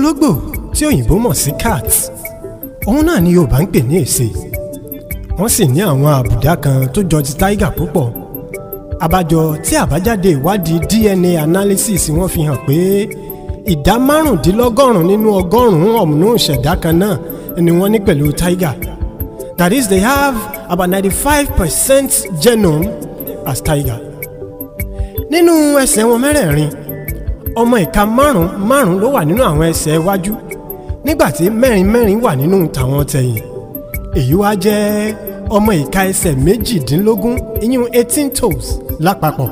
ológbò tí òyìnbó mọ̀ sí cat òun náà ni Yorùbá ń pè ní èsè wọ́n sì ní àwọn àbùdá kan tó jọ ti táígà púpọ̀ àbájọ tí àbájáde ìwádìí DNA analysis wọ́n fi hàn pé ìdá márùndínlọ́gọ́rùn-ún nínú ọgọ́rùn-ún ọ̀mùnú ìṣẹ̀dá kan náà ni wọ́n ní pẹ̀lú tiger that is they have about ninety-five percent genome as tiger nínú ẹsẹ̀ wọn mẹ́rẹ̀ẹ̀rin ọmọ ìka márùn márùn ló wà nínú àwọn ẹsẹ̀ iwájú nígbà tí mẹ́rin mẹ́rin wà nínú tàwọn tẹ̀yìn èyí wá jẹ́ ọmọ ìka ẹsẹ̀ méjìdínlógún ìyún eighteen toes lápapọ̀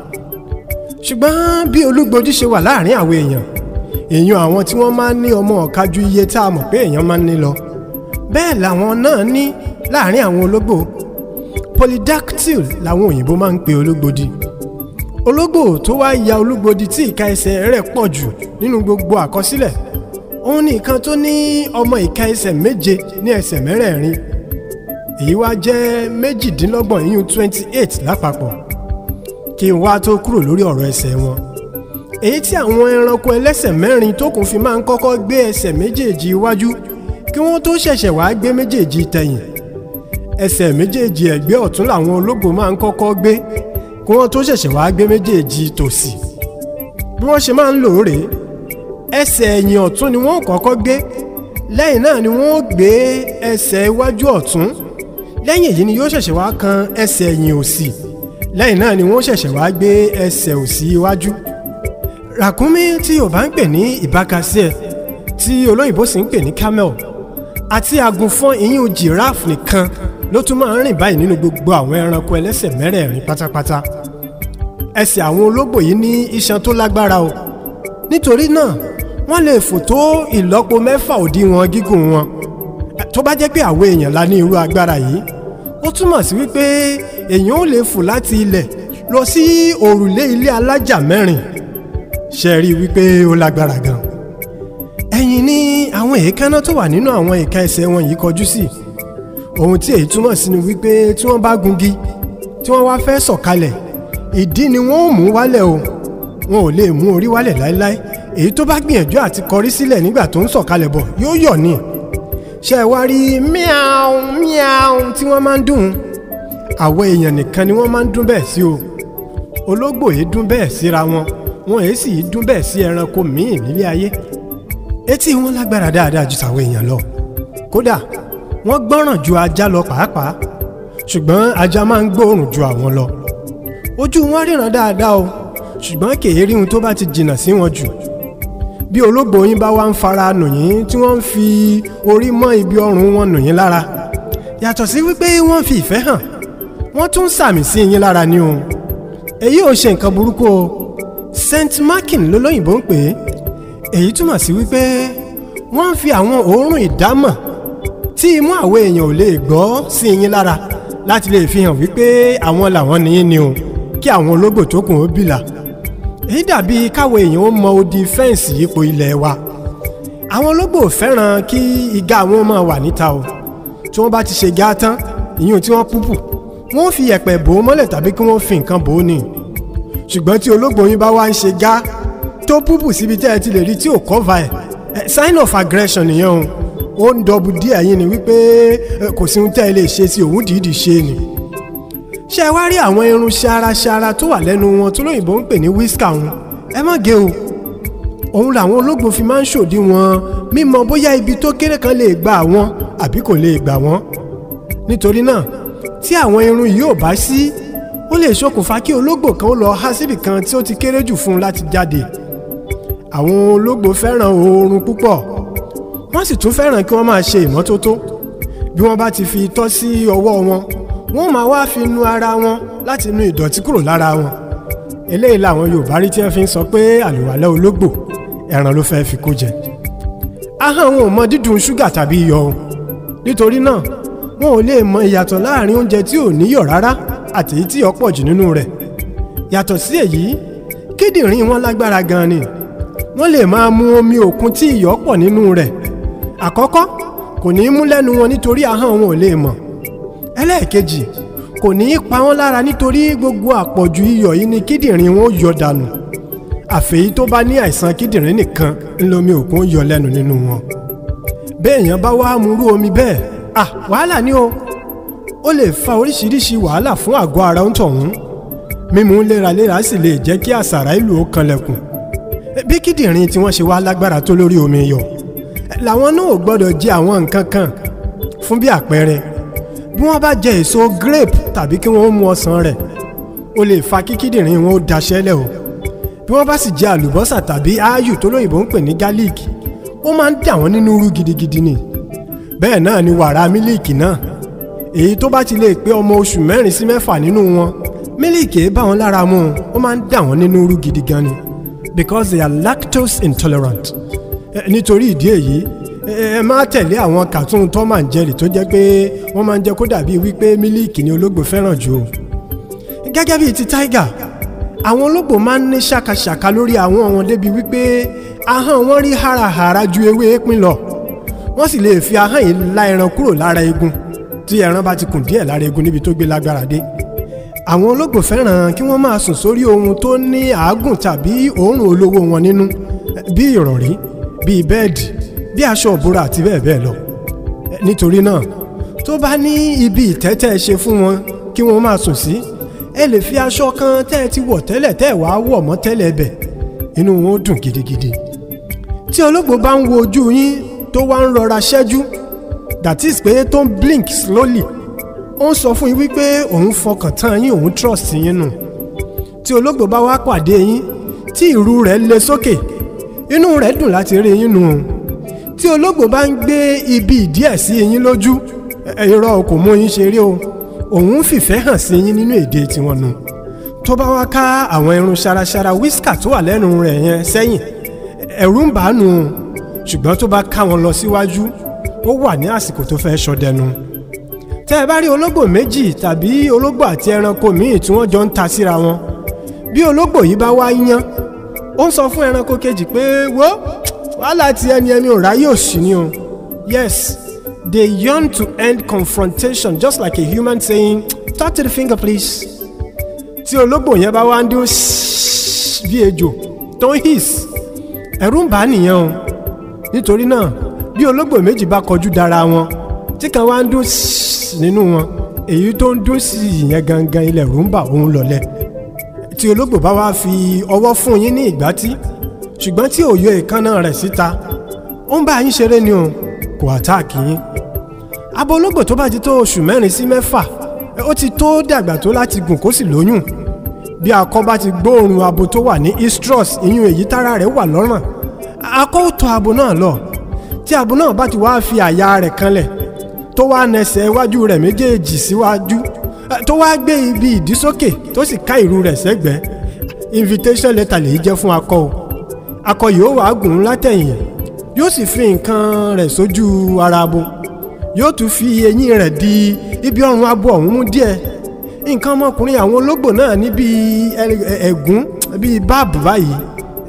ṣùgbọ́n bí olúgbòdì ṣe wà láàrin àwọn èèyàn èèyàn àwọn tí wọ́n máa ń ní ọmọ ọ̀ka ju iye tá a mọ̀ pé èèyàn máa ń ní lọ bẹ́ẹ̀ làwọn náà ní láàrin àwọn ológbò polydactyl làwọn òyìnbó máa ń pe olúgbòdì ológbò tó wá ya olúgbòdì tí ìka ẹsẹ̀ rẹ̀ pọ̀ jù nínú gbogbo àkọsílẹ̀ òun ni ìkan tó ní ọmọ ìka ẹsẹ̀ méje ní ẹsẹ̀ mẹ́rẹ̀ẹ̀rin èyí wá jẹ́ méjìdínlọ́gbọ̀n yíyún twenty eight lápapọ̀ kí n wá tó kúrò lórí ọ̀rọ̀ ẹsẹ̀ wọn èyí tí àwọn ẹranko ẹlẹ́sẹ̀ mẹ́rin tó kù fi máa ń kọ́kọ́ gbé ẹsẹ̀ méjèèjì iwájú kí wọ́n tó ṣẹ̀ṣẹ̀ wá gbé méjèèjì tẹ̀yìn ẹsẹ̀ méjèèjì ẹ̀gbẹ́ ọ̀tún làwọn ológbò máa ń kọ́kọ́ gbé kí wọ́n tó ṣẹ̀ṣẹ̀ wáá gbé méjèèjì tòsì bí wọ́n ṣe máa ń lò ó rèé ẹsẹ̀ ẹ̀yìn ọ̀tún ni wọ́n kọ́kọ́ gbé lẹ́yìn náà ni wọ́n gbé ẹsẹ̀ iwájú ọ̀tún lẹ́yìn èyí ni yóò ṣẹ̀ṣẹ̀ wá kan ẹsẹ̀ ẹ̀yìn òsì lẹ́yìn náà ni wọ́n ṣẹ̀ṣẹ̀ wá gbé ẹsẹ̀ òsì iwájú. ràkúnmí tí yorùbá ń pè ní ìbákasíẹ̀ tí olóyìnbó sì ń pè ní camel àti àgùnfọ́n ìyún giraff nìkan ló tún máa ń rìn báyìí nínú gbogbo àwọn ẹranko ẹlẹ́sẹ̀ mẹ́rẹ̀ẹ̀rin pátápátá ẹsẹ̀ àwọn ológbò yìí ní iṣan tó lágbára o nítorí náà wọ́n lè fò tó ìlọ́po mẹ́fà òdiwọ̀n gígùn wọn tó bá jẹ́ pé àwọn èèyàn la ní irú agbára yìí ó túmọ̀ sí wípé èèyàn ò lè fò láti ilẹ̀ lọ sí òrùlé ilé alájà mẹ́rin ṣe rí wípé ó lágbára gan ẹ̀yìn ni àwọn èékánná tó wà nínú àwọn ìka ẹsẹ̀ wọn yìí kọjú sí i ohun tí èyí túmọ̀ sí ni wípé tí wọ́n bá gungi tí wọ́n wá fẹ́ sọ̀kalẹ̀ ìdí ni wọ́n ò mú wálẹ̀ o wọn ò lè mú orí wálẹ̀ láéláé èyí tó bá gbìyànjú àti kọrí sílẹ̀ nígbà tó ń sọ̀kalẹ̀ bọ̀ yóò yọ̀ ni ṣe é wá rí miau miau tí wọ́n máa ń dùn àwọn èèyàn nìkan ni wọ́n máa ń dún bẹ́ẹ̀ sí o ológbò yìí dún bẹ́ẹ̀ síra wọn wọn èyí sì dún bẹ́ẹ̀ sí ẹranko míì nílé ayé etí wọn lágbára dáadáa ju tàwọn èèyàn lọ kódà wọ́n gbọ́ràn ju ajá lọ pàápàá ṣùgbọ́n ajá máa ń gbóòrùn ju àwọn lọ ojú wọn ríran dáadáa o ṣùgbọ́n kèé rí ohun tó bá ti jìnnà sí wọn jù bí ológbò yín bá wá ń fara nù tí wọ́n ń fi orí mọ́ ibi ọrùn wọn nù yín lára yàtọ̀ sí wípé wọ́n fi ìfẹ́ hàn wọ́n tún ń sàmì sí yín lára ní òun èyí ò ṣe nǹkan burúkú o Saint Markin lólóyìnbó ń pè é èyí túmọ̀ sí wípé wọ́n ń fi àwọn òórùn ìdámọ̀ tí imú àwọn èèyàn ò lè gbọ́ sí yín lára láti lè fi hàn wípé àwọn làwọn nìyí ni o kí àwọn ológbò tó kù ó bìlà èyí dàbí káwọn èèyàn ó mọ odi fẹ́ǹsì ipò ilẹ̀ wa àwọn ológbò fẹ́ràn kí ìgá wọn máa wà níta o tí wọ́n bá ti ṣe gá tán ìyún tí wọ́n púpù wọ́n fi ẹ̀pẹ̀ bò ó mọ́lẹ̀ tàbí kí wọ́n fi nǹkan bò ó ni ṣùgbọ́n tí ológbò yín bá wá ń ṣe gá tó púpù síbi tẹ́ ẹ ti lè rí tí ò kọ́va ẹ̀ sign of aggression nìyẹn o ó ń dọ̀bù díẹ̀ yín ni wípé kò sí ohun tẹ́ ẹ lè ṣe sí òun dìídì ṣe ni ṣé ẹ wá rí àwọn irun ṣaraṣara tó wà lẹ́nu wọn tó lóyìnbó ń pè ní whisker wọn ẹ má gé o òun làwọn ológun fi máa ń ṣòdiwọ̀n mímọ̀ bóyá ibi tó kéré kan lè gbà wọ́n àbí kò lè gbà wọ́n nítorí náà tí àwọn irun yìí ò bá sí ó lè ṣokùnfà kí ológbò kan lọ há síbì kan tí ó ti kéré jù fún un láti jáde àwọn ológbò fẹ́ràn oorun púpọ̀ wọ́n sì tún fẹ́ràn kí wọ́n máa ṣe ìmọ́tótó bí wọ́n bá ti fi itọ́ sí ọwọ́ wọn wọ́n máa wá fi nu ara wọn láti nu ìdọ̀tí kúrò lára wọn eléyìí làwọn Yorùbá rí tí wọ́n fi ń sọ pé àlùwàlá ológbò ẹran ló fẹ́ẹ́ fi kó jẹ ahọ́n wọn ò mọ dídùn ṣúgà tàbí iyọ̀ o nítorí náà wọn ò lè mọ ìyàtọ̀ láàrin oúnjẹ tí ò níyọ̀ rárá àti èyí tí ọ̀pọ̀ jù nínú rẹ̀ yàtọ̀ sí èyí kíndìnrín wọn lágbára gan ni wọ́n lè máa mu omi òkun tí iyọ̀ pọ̀ nínú rẹ̀ àkọ́kọ́ kò ní í mú lẹ́nu wọn nítorí ahọ́n wọn ò lè mọ̀ ẹlẹ́ẹ̀kejì kò ní í pa wọ́n lára nítorí gbogbo àpọ̀jù iyọ̀ yìí ni kíndìnrín wọn ó yọ dànù àfẹ́yí tó bá ní àìsàn kíndìnrín nìkan ńlọmi òkun yọ lẹ́nu nínú wọn béèyàn bá wá murú omi bẹ́ẹ̀ à wàhálà ni o ó lè fa oríṣiríṣi wàhálà fún àgọ́ ara ń tọ̀hún mímu léraléra sì lè jẹ́ kí àṣàrà ìlú ó kanlẹ̀kùn bí kíndìnrín tí wọ́n ṣe wá lágbára tó lórí omi yọ̀ làwọn náà ò gbọ́dọ̀ jẹ àwọn nǹkan kan fún bí àpẹẹrẹ bí wọ́n bá jẹ èso grape tàbí kí wọ́n mu ọsàn rẹ̀ ó lè fa kí kíndìnrín wọn ó daṣẹ́lẹ̀ o bí wọ́n bá sì jẹ àlùbọ́sà tàbí aáyù tó lóyìnbó ń pè ní gálíìkì ó máa ń dà wọ́n nínú rú gidigidi ni bẹ́ẹ̀ náà ni wàrà mílíìkì náà èyí tó bá ti lè pé ọmọ oṣù mẹ́rin sí mẹ́fà nínú wọn mílíìkì bá wọn lára mu ó máa ń dà wọ́n nínú rú gidi ni because they are lactose intolerant nítorí ìdí èyí ẹ má tẹ̀lé àwọn cartoon Tom and Jerry tó jẹ́ pé wọ́n máa ń jẹ́ kó dàbí wípé mílíìkì ni ológbò fẹ́ràn jù o. gẹ́gẹ́ bíi ti tiger àwọn ológbò máa ń ní ṣàkàṣàkà lórí àwọn wọn débi wípé ahọ́n wọn rí hárahàra ju ewé èépin lọ wọ́n sì lè fi ahọ́n yìí la ẹran kúrò lára eegun tí ẹran bá ti kùn díẹ̀ lára eegun níbi tó gbé lágbára dé. àwọn ológbò fẹ́ràn kí wọ́n máa sùn sórí ohun tó ní àágùn tàbí òórùn olówó wọn nínú bí ìrọ̀rí bíi bẹ́ẹ̀dì bíi aṣọ òbúra àti bẹ́ẹ̀ bẹ́ẹ̀ lọ nítorí náà tó bá ní ibi ìtẹ́tẹ́ ṣe fún wọn kí wọ́n máa sùn sí ẹ lè fi aṣọ kan tẹ́ ẹ ti wọ̀ tẹ́lẹ̀ tẹ́ ẹ wàá wọ̀ mọ́ tẹ́lẹ̀ bẹ̀ inú wọn ó dùn gidigidi tí ológbò bá ń wo ojú yín tó wá ń rọra ṣẹ́jú that is pé tó ń blink slowly ó ń sọ fún yín wípé òun fọkàn tán yín òun trust yín nù tí ológbò bá wá pàdé yín tí ìrù rẹ̀ le sókè inú rẹ̀ dùn láti rí yín nù tí ológbò bá ń gbé ibi ìdí ẹ̀ sí yín lójú irọ́ kò mú yín ṣeré o òun fìfẹ́ hàn sí yín nínú èdè tiwọn nù tó bá wá ká àwọn irun ṣaraṣara wíṣkà tó wà lẹ́nu rẹ̀ yẹn sẹ́yìn ẹ̀rù ń bà á nù ṣùgbọ́n tó bá ká wọn lọ síwájú ó wà ní àsìkò tó fẹ́ ṣọdẹnu tẹ́ ẹ bá rí ológbò méjì tàbí ológbò àti ẹranko míì tí wọ́n jọ ń ta síra wọn bí ológbò yìí bá wá yán ó sọ fún ẹranko kejì pé wo wàhálà ti ẹni ẹni ò ráyè òsì ni o yes they yearn to end confrontation just like a human saying touch the finger please tí ológbò yẹn bá wá ń dún bí ejò tó ń hiss ẹ̀rù ń bà á nìyẹn o nítorí náà bí ológbò méjì bá kọjú dára wọn tí kan wá ń dún nínú wọn èyí tó ń dún sí ìyẹn gangan ilẹ̀ rúmbà òun lọ̀lẹ́ tí ológbò bá wá fi ọwọ́ fún yín ní ìgbátí ṣùgbọ́n tí ò yọ èékánná rẹ̀ síta ó ń bá yín ṣeré ni o kò àtáàkì yín abo ológbò tó bá ti tó oṣù mẹ́rin sí mẹ́fà ó ti tó dàgbà tó láti gùn kó sì lóyún bí akọ bá ti gbóòórùn abo tó wà ní estrus ìyún èyí tára rẹ̀ wà lọ́rùn akọ ó tọ abo náà lọ tí abo náà bá ti wá fi àyà rẹ̀ kanlẹ̀ tó wá nẹsẹ̀ iwájú rẹ̀ méjèèjì síwájú tó wáá gbé ibi ìdísókè tó sì ká ìrù rẹ̀ sẹ́gbẹ̀ẹ́ invitation letter lèyí jẹ́ fún akọ o akọ yóò wàá gùn látẹ̀yìn yóò sì fi nǹkan rẹ̀ sójú ara abo yóò tún fi eyín rẹ̀ di ibi ọrùn abo ọ̀hún mú díẹ̀ nǹkan ọmọkùnrin àwọn ológbò náà ní bíi ẹ̀gún bíi báàbù báyìí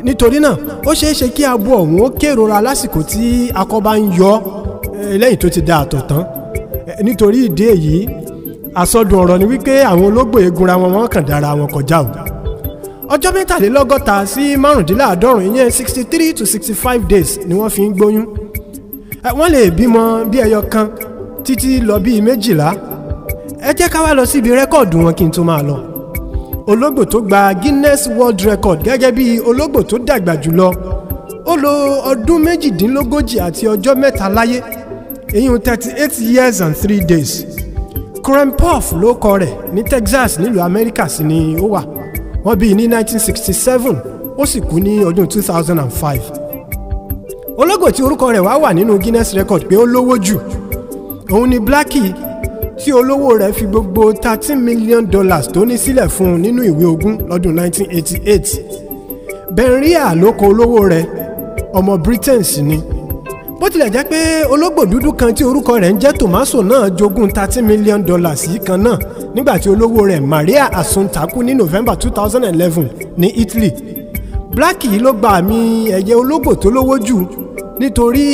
nítorí náà ó ṣeé ṣe kí abo ọ̀hún ó kérora lásìkò tí akọ bá ń yọ lẹ́yìn tó ti da àtọ̀ tán nítorí ìdí èyí àsọdùn ọ̀rọ̀ ni wípé àwọn ológbò egunra wọn wọ́n kàn dára wọn kọjá o ọjọ́ mẹ́tàlélọ́gọ́ta sí márùndínláàádọ́rùn ìyẹn sixty three to sixty five days ni wọ́n fi ń gbóyún wọ́n lè bímọ bí ẹyọ kan títí lọ bíi méjìlá ẹ jẹ́ ká wá lọ síbi rẹ́kọ̀dù wọn kí n tó máa lọ ológbò tó gba Guinness World Record gẹ́gẹ́ bí ológbò tó dàgbà jùlọ ó lo ọdún méjìdínlógójì àti ọjọ́ mẹ́ta láyé èyí thirty eight years and three days Krempoff ló kọ rẹ̀ ní Texas nílùú Amẹ́ríkà sí ni ó wà wọ́n bí i ní 1967 ó sì kú ní ọdún 2005 ológo tí orúkọ rẹ̀ wá wà nínú Guinness record pé ó lówó jù òun ni Blackie tí olówó rẹ̀ fi gbogbo 13 million dollars tó ní sílẹ̀ fún un nínú ìwé ogún lọ́dún 1988 Benria ló kọ olówó rẹ̀ ọmọ Britain sì ni bó tilẹ̀ jẹ́ pé ológbò dúdú kan tí orúkọ rẹ̀ ń jẹ́ Tomaso náà jogún thirty million dollars yìí kan náà nígbà tí olówó rẹ̀ Maria Assunta kú ní November two thousand and eleven ní Italy Blackie yìí ló gba àmì ẹ̀yẹ ológbò tó lówó jù nítorí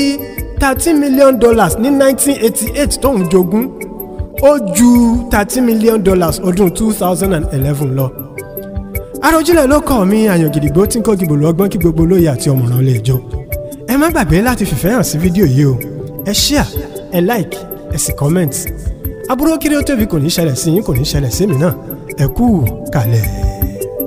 thirty million dollars ní nineteen eighty eight tóun jogún ó ju thirty million dollars ọdún two thousand and eleven lọ. Àròjinlẹ̀ ló kọ́ mi àyàngìdìgbò tí ń kọ́ gbogbo lọ́gbọ́n kí gbogbo olóye àti ọ̀mọ̀ràn lè jọ ẹ má gbàgbé láti fìfẹ́ hàn sí fídíò yìí o ẹ ṣíà ẹ like ẹ sì comment aburú kiri ó tóbi kò ní ṣẹlẹ̀ sí yín kò ní ṣẹlẹ̀ sí mi náà ẹ kú kàlẹ̀.